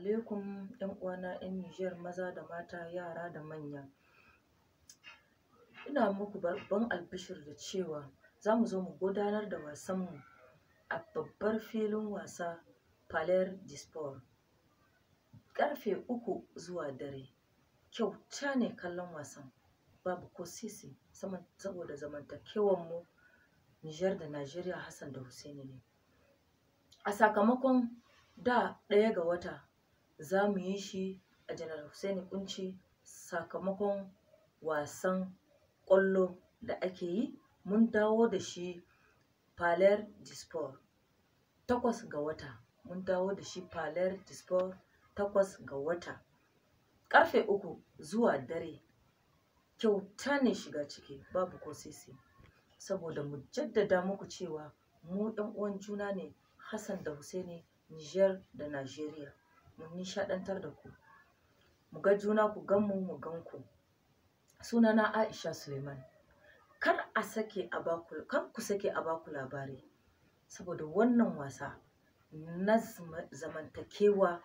alaikum 'yan uwana 'yan Nijar maza da mata, yara da manya. Ina muku babban albishir da cewa za mu zo mu gudanar da wasanmu a babbar filin wasa paler des Karfe Ƙarfe uku zuwa dare. Kyauta ne kallon wasan, babu ko sisi saboda zamantakewanmu Nijar da Najeriya Hassan da Hussaini ne. A sakamakon da ɗaya ga wata za mu yi shi a janar husaini Kunci sakamakon wasan ƙwallo da ake yi mun dawo da shi Paler Dispor takwas ga wata mun dawo da shi Paler Dispor takwas ga wata Karfe uku zuwa dare kyauta ne shiga ciki babu ko sisi saboda mu jaddada muku cewa mu ɗan uwan juna ne Hassan da Hussaini Niger da Najeriya mu nishaɗantar da ku mu ga juna ku gan mu mu gan ku sunana Aisha Suleiman kar a sake a baku kar ku sake a baku labari saboda wannan wasa na zamantakewa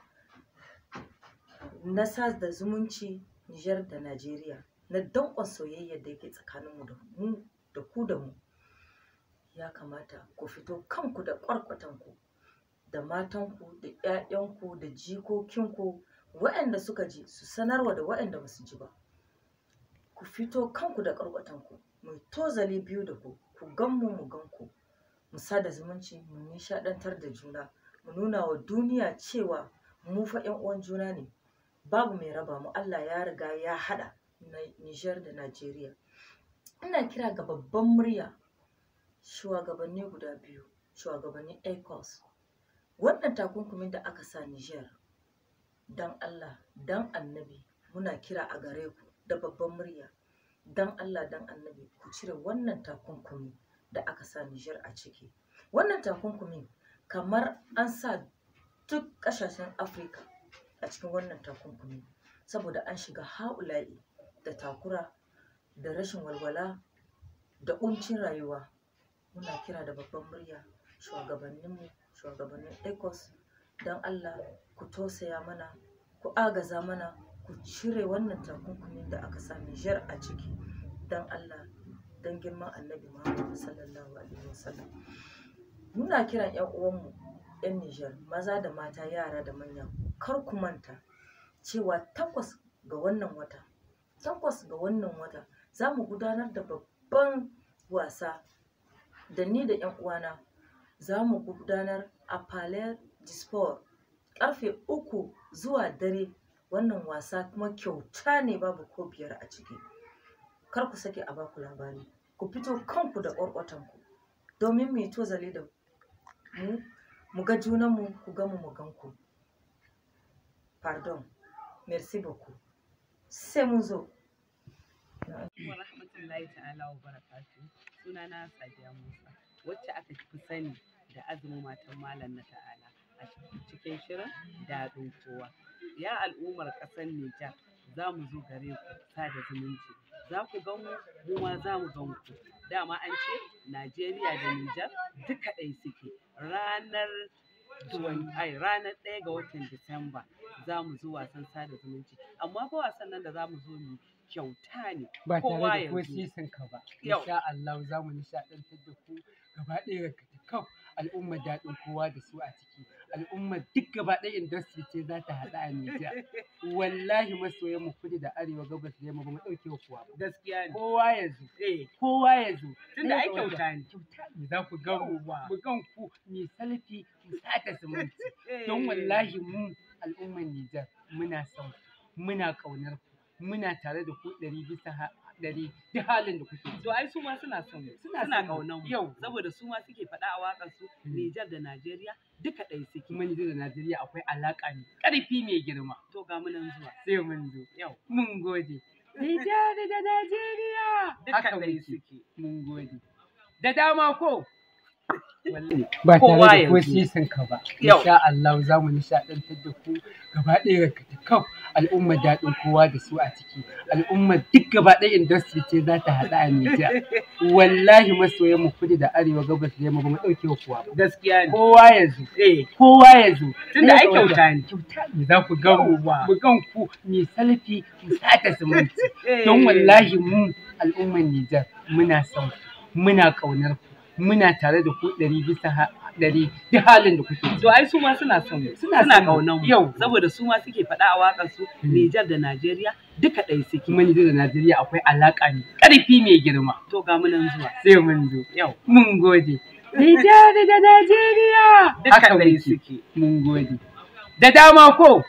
na sa da zumunci Nijar da Najeriya na danƙon soyayya da yake mu da mu da ku da mu ya kamata ku fito kanku da ku da matanku da 'ya'yanku da jikokinku waɗanda suka ji su sanarwa da waɗanda ba su ji ba ku fito kanku da ƙarƙwatanku mai tozali biyu da ku ku gan mu mu gan ku mu sada zumunci mu nishaɗantar da juna mu nuna wa duniya cewa mu fa ƴan uwan juna ne babu mai raba mu Allah ya riga ya haɗa Niger da Najeriya ina kira ga babban murya shugabanni guda biyu shugabannin ecos wannan takunkumin da aka sa Nijar dan Allah dan annabi muna kira a gare ku da babban murya dan Allah dan annabi ku cire wannan takunkumi da aka sa Nijar a ciki wannan takunkumin kamar an sa duk ƙasashen Afirka a cikin wannan takunkumi saboda an shiga ha'ula'i da takura da rashin walwala da ƙuncin rayuwa muna kira da babban murya shugabanninmu shugabannin ecos don allah ku tausaya mana ku agaza mana ku cire wannan takunkumin da aka sa nijar a ciki don allah don girman annabi muhammad sallallahu alaihi wasallam muna kiran yan uwanmu yan nijar maza da mata yara da manya kar ku manta cewa takwas ga wannan wata takwas ga wannan wata za mu gudanar da babban wasa da ni da 'yan uwana za mu gudanar a Palais Sports ƙarfe uku zuwa dare wannan wasa kuma kyauta ne babu ko biyar a ciki kar ku sake a baku labari ku fito kanku da ƙwarƙwatanku domin mu yi zali da mu mu ga junanmu ku ga mu ganku pardon merci beaucoup sai mon zo wa rahmatullahi ta'ala wa barakatu sunana Sadiya Musa wacce aka fi sani da azumin matan malam na ta'ala a cikin shirin daɗin kowa ya al'ummar ƙasar Nijar za mu zo gare ku sada zumunci za ku gan mu mu ma za mu gan ku dama an ce Najeriya da Nijar duka ɗaya suke ranar ai ranar ɗaya ga watan Disamba za mu zo wasan sada zumunci amma fa wasan nan da za mu zo mu kyauta ne ba tare da ko sisin ka ba insha Allah za mu nishaɗantar da ku gaba ɗaya ga kaf al'ummar daɗin kowa da su a ciki al'ummar duk gaba ɗaya industry ce za ta haɗa a Nijar wallahi masoyan mu kudu da arewa gabas da yamma ba mu ɗauke wa kowa gaskiya ne kowa ya zo eh. kowa ya zo tunda ai eh, kyauta ne kyauta ne za ku gan mu gan ku mi salfi mu sata zumunci eh. don wallahi mu al'ummar Nijar muna son muna ƙaunar ku muna tare da ku ɗari bisa ɗari da halin da kuke. To ai su ma suna son mu suna kaunan mu yau saboda su ma suke faɗa a waƙar su hmm. Nijar da Najeriya duka ɗaya suke. Mun Nijar da Najeriya akwai alaƙa ne ƙarfi mai girma. To ga mu nan zuwa. Sai mun zo. Yau. Mun gode. Nijar da Najeriya. Duka ɗaya suke. Mun gode. Da dama ko. ba tare da ko sisin ka ba insha Allah za mu nishadantar da ku gaba ɗaya ka kau al'ummar daɗin kowa da su a ciki al'ummar duk gaba ɗaya industry ce za ta haɗa a Nijar wallahi masoyan mu kudu da arewa gabas da yamma ba mu ɗauke kowa ba gaskiya ne kowa ya zo eh. kowa ya zo tunda ai kyauta ne kyauta ne za ku ga mu mu gan ku mi salfi mu sata zumunci. Eh. don wallahi mu al'ummar Nijar muna son muna ƙaunar ku muna tare da ku ɗari bisa ɗari duk halin da kuke. To ai su ma suna son mu. Suna ƙaunar mu. Yau. Saboda su ma suke faɗa a waƙar su hmm. Nijar da Najeriya duka ɗaya suke. Mun da Najeriya akwai alaƙa ne ƙarfi mai girma. To ga mu nan zuwa. Sai mun zo. Yau. Mun gode. Nijar da Najeriya. Duka ɗaya suke. Mun gode. Da dama ko.